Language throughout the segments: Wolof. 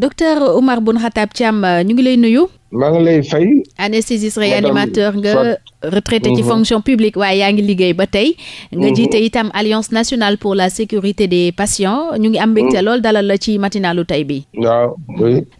docteur Oumar Boun Khatab Thiam euh, ñu ngi lay nuyu. maa ngi lay fay. anesthésiste réanimateur nga. retraité ci uh-huh. fonction publique waaye yaa ngi liggéey ba tey nga uh-huh. jiite itam alliance nationale pour la sécurité des patients ñu ngi am mbégte uh-huh. lool dalal la ci matinalu tey bi waaw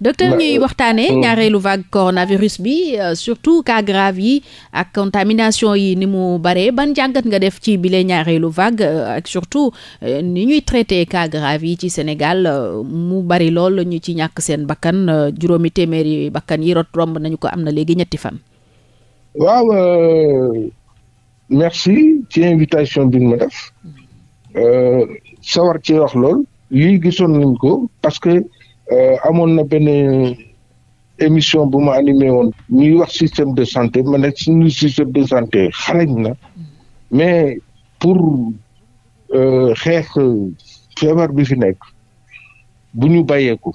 docteur ñuy waxtaane ñaareelu vague coronavirus bi euh, surtout cas grave yi ak contamination yi ni mu bare ban jàngat nga def ci bile ñaareelu vague euh, ak surtout euh, ni ñuy traité cas grave yi ci Sénégal mu bari lool ñu ci ñàkk seen bakkan juróomi téeméeri bakkan yi rot romb nañu ko am na léegi ñetti fan waaw euh, merci ci invitation bi ma def euh, sawar ci wax lool lii gisoon nañ ko parce que euh, amoon na benn émission bu ma animé woon ñuy wax système de santé ma nekk suñu système de santé xarañ na mais pour xeex feebar bi fi nekk bu ñu bàyyeeku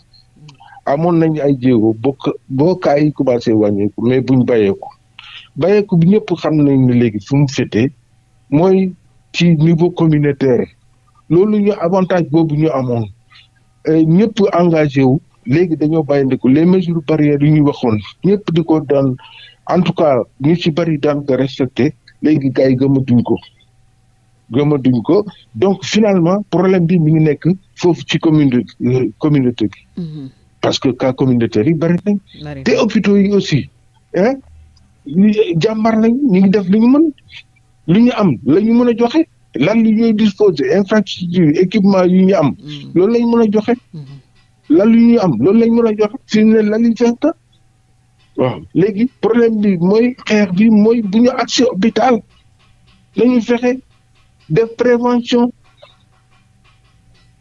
amoon nañ ay jéego bokk boo kaa yi commencé wàññeeku mais bu ñu bàyyeeku bàyyeeku bi ñëpp xam nañ ne léegi fu mu féetee mooy ci niveau communautaire loolu ñu avantage boobu ñu amoon eh, ñëpp engagé wu léegi dañoo bàyyindiku les mesures barrières yu ñu waxoon ñëpp di ko daan en tout cas ñu ci bari daan ko respecté léegi gars yi gëmatuñ ko gëmatuñ ko donc finalement problème bi mi ñu nekk foofu ci commune euh, communauté bi mm-hmm. parce que cas communautaire yi bari nañ te hôpitaux aussi hein ñu jàmbaar lañ ñu ngi def lu ñu mën lu ñu am la ñu mën a joxe lan lu ñuy disposer infrastructure équipement yu ñu am mm-hmm. loolu lañ mën a joxe mm-hmm. lan lu ñu am loolu lañ mën a joxe si ne lan lañ fekk waaw léegi problème bi mooy xeex bi mooy bu ñu accès hôpital fexe def prévention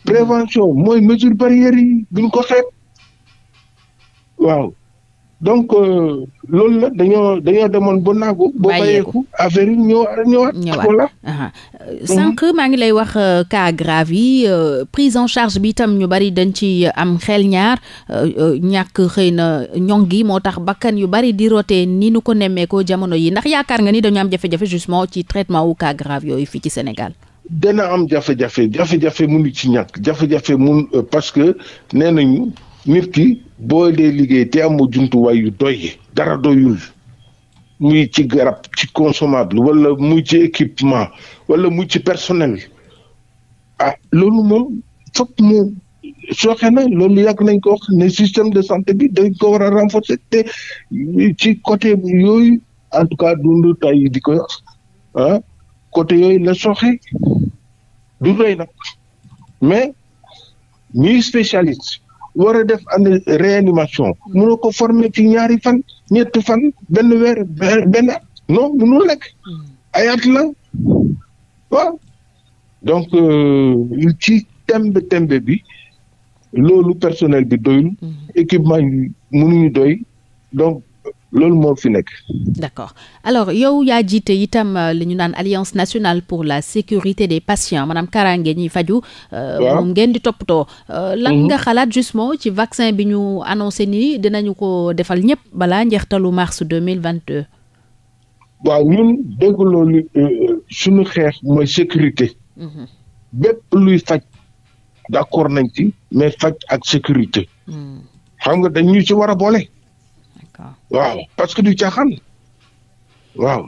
prévention mooy mesure barrière yi buñ ko xeet waaw donc euh, loolu la dañoo dañoo demoon ba naagu. boo bàyyeeku affaire yi ñëwaat ñëwaat. ñëwaat mhm. sànq maa ngi lay wax euh, cas grave yi euh, prise en charge bi tam ñu bari dañ ci am xel ñaar ñàkk xëy na ñoŋ gi moo tax bakkan yu bari di rote ni nu ko nemmeekoo jamono yi ndax yaakaar nga ni dañu am jafe-jafe justement ci traitement wu cas grave yooyu fii ci Sénégal. dana am jafe-jafe jafe-jafe mënu ci ñàkk jafe-jafe mun parce que nee nañu. nit ki boo dee liggéey te amu jumtuwaay yu doy dara doyul muy ci garab ci consommable wala muy ci équipement wala muy ci personnel ah loolu moom foog mu sooxe na loolu yàgg nañ ko ne système de santé bi dañ ko war a renforcer te ci côté yooyu en tout cas dundu tay di ko wax ah, côté yooyu la sooxe du doy nag mais ñuy spécialiste war a def année réanimation mënoo ko former ci ñaari fan ñett fan benn weer benn at non mënul nekk ay at la waaw donc euh, ci tembe tembe bi loolu personnel bi doyul mm-hmm. équipement yi mënuñu doy donc loolu moo fi nekk. d'accord alors yow yaa jiite itam euh, li ñu naan alliance nationale pour la sécurité des patients maanaam kaaraange ñiy faju euh, moom ngeen di toppatoo. Euh, lan mhm. nga xalaat justement ci vaccin bi ñu annoncé nii dinañu ko defal ñëpp balaa njeextalu mars deux mille vingt deux. waaw ñun dégg loolu suñu xeex mooy sécurité. Mhm. bépp luy faj d'accord nañ ci mais faj ak sécurité. Mhm. xam nga dañ ci war a boole. waaw parce que du caaxaan waaw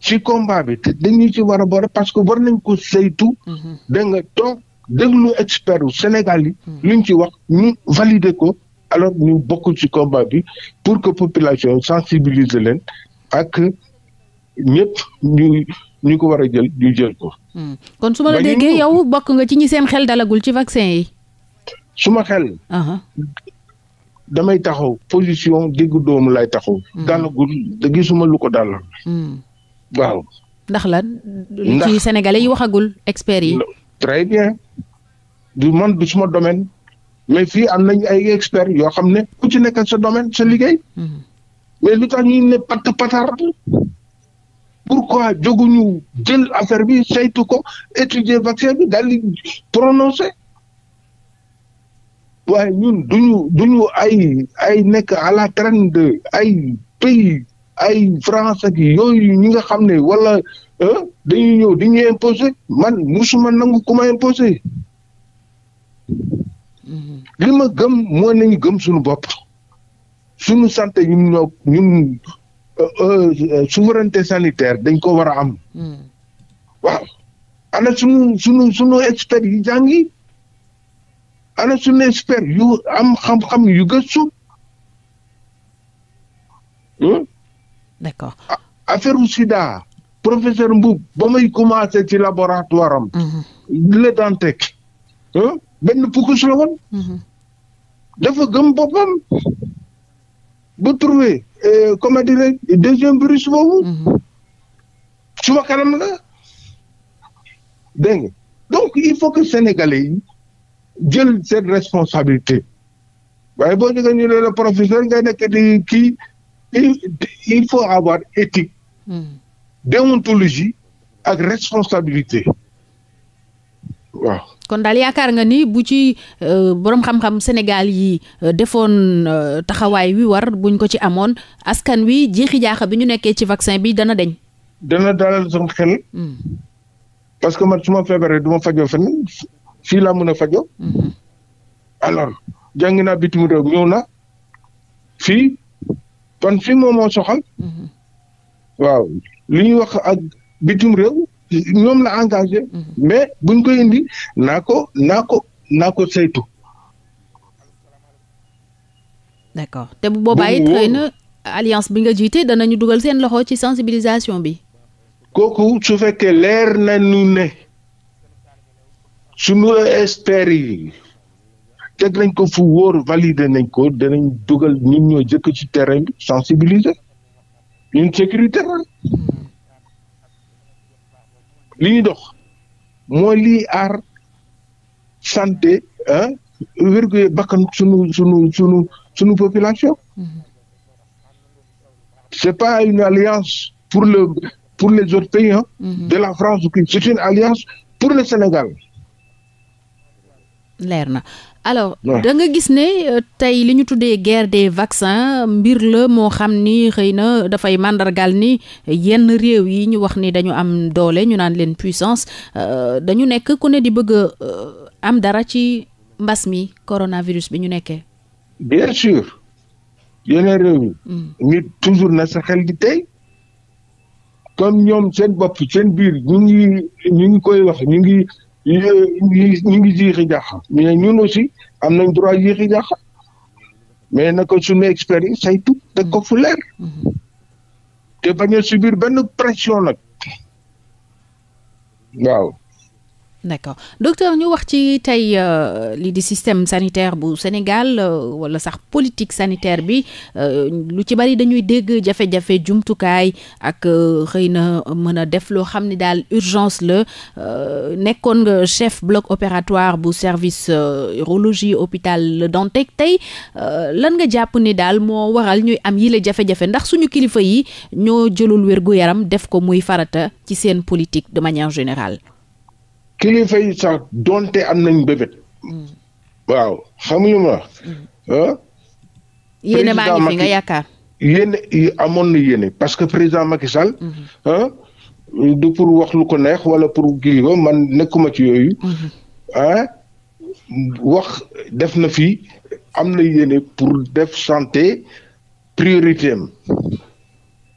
ci combat bi te dañu ci war a boole parce que war nañ ko saytu. Mhm. da nga toog déglu expert wu Sénégal yi. Mhm. luñ ci wax ñu valider ko alors ñu bokk ci combat bi pour que population sensibiliser leen ak ñëpp ñu ñu ko war a jël ñu jël ko. Hmm. kon su ma la déggee yow bokk nga ci ñi seen xel dalagul ci vaccin yi. suma xel. damay taxaw position digg doomu lay taxaw. dalagul hmm. da gisuma lu ko dalal. Hmm. waaw. ndax lan. ndax ci yi waxagul experts yi. très bien du man du suma domaine mais fii am nañ ay experts yoo xam ne ku ci nekk sa domaine sa liggéey. Hmm. mais lu tax ñuy ne pat patar pourquoi jóguñu jël affaire bi saytu ko étudier vaccin bi daal di prononcé. waaye ñun duñu duñu ay ay nekk à la traîne de ay pays ay France ak yooyu ñi nga xam ne wala dañuy ñëw di ñu imposé man musuma nangu ku ma imposé mm-hmm. li ma gëm mooy nañu gëm sunu bopp suñu santé ñun ñoo ñun euh, euh, souveraineté sanitaire dañ ko war a am mm. waaw ana suñu suñu suñu yi jàngi ana suñu expert yu am xam-xam yu gëstu. Hmm? d'accord affaire sida professeur Mboub ba may commencé ci laboratoire am. Mm-hmm. le Dantec. Hmm? benn focus la woon. Mm-hmm. dafa gëm boppam. ba trouvé euh, comment dire deuxième virus boobu. Mm-hmm. suma kanam la dégg nga donc il faut que sénégalais yi. jël seen responsabilité waaye boo déggee ñu la professeur nga nekk di kii il faut avoir éthique hmm. déontologie ak responsabilité waaw. kon daal yaakaar nga ni bu ci euh, boroom xam-xam Sénégal yi euh, defoon euh, taxawaay wi war buñ ko ci amoon askan wi jeexi jaaxa bi ñu nekkee ci vaccin bi dana deñ. dana dalal sama xel. Hmm. parce que man su ma feebaree du ma fajoo fenn fii la mun a fajoo mhm. alors jàngi naa bitim réew ñëw na fii kon fii moom moo soxal mhm. waaw li ñuy wax ak bitim réew ñoom la engagé mhm. mais buñ koy indi naa ko naa ko saytu d'accord te bu boobaa it alliance bi nga jiite danañu dugal seen loxo ci sensibilisation bi kooku su fekkee leer nañu ne suñu experts yi teg nañ ko fu wóor valider nañ ko danañ dugal ñun ñoo jëkk ci terrain bi sensibiliser ñun sécurité la li ñu dox mooy lii aar santé ah wérgu bakkan sunu sunu sunu sunu population c'est pas une alliance pour le pour les autres pays hein, mm -hmm. de la France c'est une alliance pour le Sénégal leer na alors da nga gis ne euh, tey li ñu tuddee guerre des vaccins mbir la moo xam ni xëy na dafay màndargal ni yenn réew yi ñu wax ni dañu am doole ñu naan leen puissance euh, dañu nekk ku ne di bëgg euh, am dara ci mbas mi coronavirus bi ñu nekkee. bien sûr yeneen réew yi. Mm. nit toujours na sa xel di tey. comme ñoom seen bopp seen biir ñu ngi ñu ngi koy wax ñu ngi. ñu ngi jiixi jaaxa mais ñun aussi am nañ droit i jaaxa mais na ko experts yi saytu teg ko fu leer mm-hmm. te bañ subir benn pression nag waaw. d' accord docteur ñu wax ci tey euh, lii di système sanitaire bu Sénégal euh, wala sax politique sanitaire bi euh, lu ci bari dañuy dégg jafe-jafe jumtukaay ak xëy na mën a def loo xam ni daal urgence la nekkoon nga chef bloc opératoire bu service urologie hôpital la Dantec tey lan nga jàpp ni daal moo waral ñuy am yile jafe-jafe ndax suñu kilifa yi ñoo jëlul wér yaram def ko muy farata ci seen politique de manière générale kilifa yi sax donte am nañ bébét. Mm. waaw xam ma. Mm. Ah? yéene maa ngi fi yaakaar. yéene amoon yéene parce que président Macky Sall. Mm-hmm. Ah, du pour wax lu ko neex wala pour kii ko man nekkuma ci yooyu. Mm-hmm. Ah? wax def na fii am na yéene pour def santé priorité am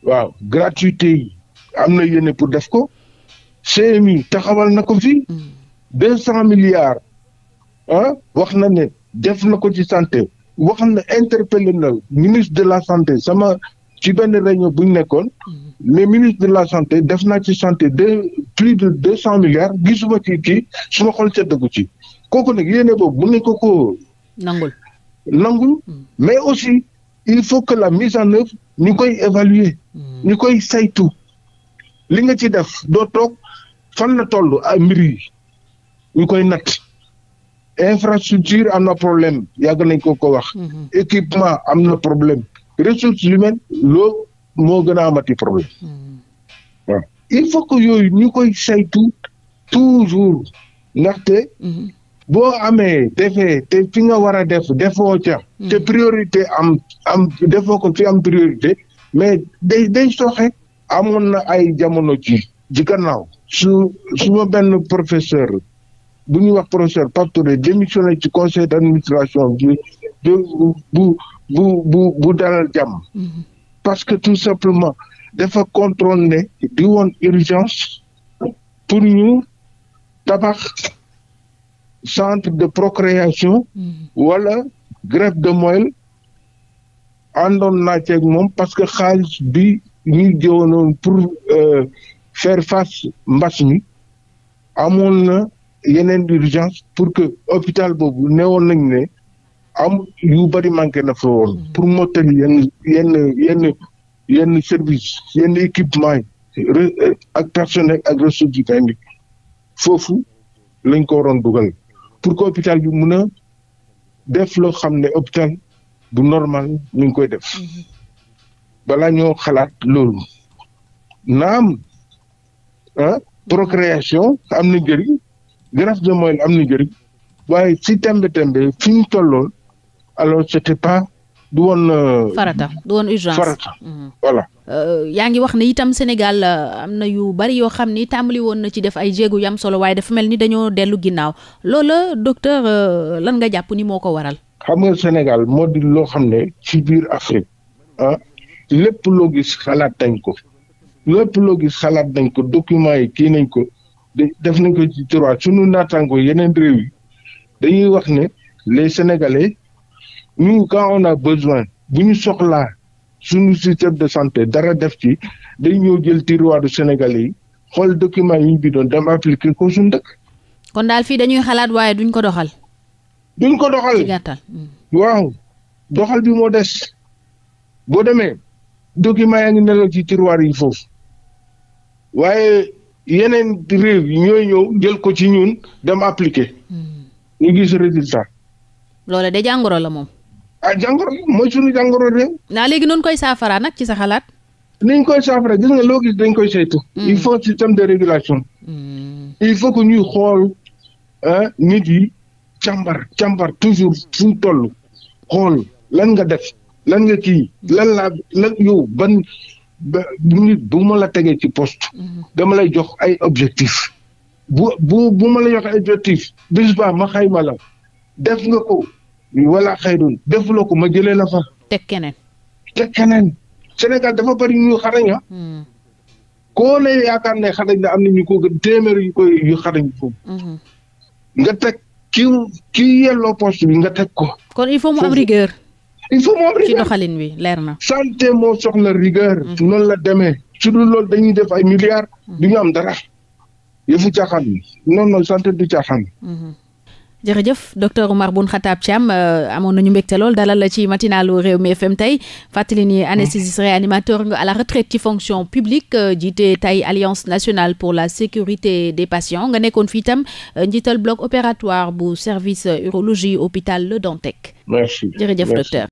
waaw gratuité yi am na yéene pour def ko. CMU taxawal na ko fii mm. deux cent milliards ah wax na ne def na ko ci santé wax na interpellé na ministre de la santé sama ci benn réunion bu ñu nekkoon le mm. ministre de la santé def naa ci santé de plus de deux cent milliards gisuma ci kii suma xol dëggu ci kooku nag yéene boobu mun nañ ko ko nangul nangul mm. mais aussi il faut que la mise en œuvre ñu koy évaluer ñu koy saytu li nga ci def doo toog fan na toll ah mbir yi ñu koy natt infrastructure am na problème yàgg nañ ko ko wax. Mhm. équipement am na problème ressources humaines loo moo gën a amati problème. Mhm. il faut que yooyu ñu koy saytu toujours ndaxte. Mhm. boo amee defee te fi nga war a def defoo ca. te priorité am am defoo ko fi am priorité mais day day soxe amoon na ay jamono ci ci gannaaw. su suma benn professeur bu ñuy wax professeur Pape Touré démissionné ci conseil d' administration bi bu bu bu bu dalal jàmm. Mm-hmm. parce que tout simplement dafa contrôle ne di woon urgence pour ñu tabax centre de procréation. Mm-hmm. wala greffe de moelle àndoon naa ceeg moom parce que xaalis bi ñuy jëwoon pour. Euh, faire face mbas mi amoon na yeneen urgence pour que hôpital boobu newoon nañ ne am yu bari manqué na fa woon mm-hmm. pour mottali yenn yenn yenn yenn service yenn équipement ak personnel ak ressources yi kay foofu lañ ko waroon dugal pour que hôpital bi mun a def loo xam ne hôpital bu normal ñu ngi koy def mm-hmm. balaa ñoo xalaat loolu naam ah mm-hmm. procréation am na njëriñ greffe de moelle am na njëriñ waaye si tembe tembe fi ñu tolloon alors c'était pas du woon. Euh, farata du woon urgence farata. Mm-hmm. Euh, yaa ngi wax ne itam Sénégal euh, am na yu bari yoo xam ni tàmbali woon na ci def ay jéego yu solo waaye dafa mel ni dañoo dellu ginnaaw loola docteur lan nga jàpp ni moo ko waral. xam nga Sénégal moo di loo xam ne ci biir Afrique ah, lépp loo gis xalaat tañ ko lépp loo gis xalaat nañ ko document yi kii nañ ko def nañ ko ci tiroir sunu naataango yeneen réew yi dañuy wax ne les sénégalais nous quand on a bu ñu soxlaa sunu système de santé dara def ci dañ ñëw jël du sénégalais yi xool document yi bi doon dem appliquer ko suñu dëkk. kon daal fii dañuy xalaat waaye duñ ko doxal. duñ ko doxal ci gàttal. Hmm. waaw doxal bi moo des boo demee document yaa ngi nelaw ci tiroir yi foofu. waaye yeneen réew yi ñooy ñëw jël ko ci ñun dem appliquer. Hmm. ñu gis résultat. loola de jàngoro la moom. ah jàngoro mooy suñu jàngoro réew. naa léegi noonu koy saafara nag ci sa xalaat. niñ koy saafara gis nga loo gis dañ koy saytu. Hmm. il faut système de régulation. Hmm. il faut ko ñuy xool ah, nit yi càmbar càmbar toujours suñ toll xool lan nga def lan nga kii lan laa lan yow nit bu ma la tegee ci poste. Mhm. dama lay jox ay objectif bu bu bu ma la yox ay objectif bis ba ma xayma la def nga ko wala xayrun defuloo ko ma jëlee la fa. teg keneen. teg keneen Sénégal dafa bari ñu xarañ ah. Mhm. koo ne yaakaar ne xarañ na am na ñu ko gën téeméer yu koy yu xarañ ko mhm. nga teg ki ki yelloo poste bi nga teg ko. kon il faut mu am il faut ci doxalin wi leer na. santé moo soxla rigueur. noonu mm-hmm. la demee su dul loolu dañuy def ay milliards. Mm-hmm. du ñu am dara yëfu caaxaan yi non non santé du caaxaan. Mm-hmm. jërëjëf docteur Oumar Boun Khatab Thiam euh, amoon nañu mbégte lool dalal la ci matinalu Rewmi FM tey fàttali ni anesthésiste animateur nga à la retraite ci fonction publique euh, jiite tey alliance nationale pour la sécurité des patients nga nekkoon fii tam euh, njiital bloc opératoire bu service urologie hôpital Le Dantec. merci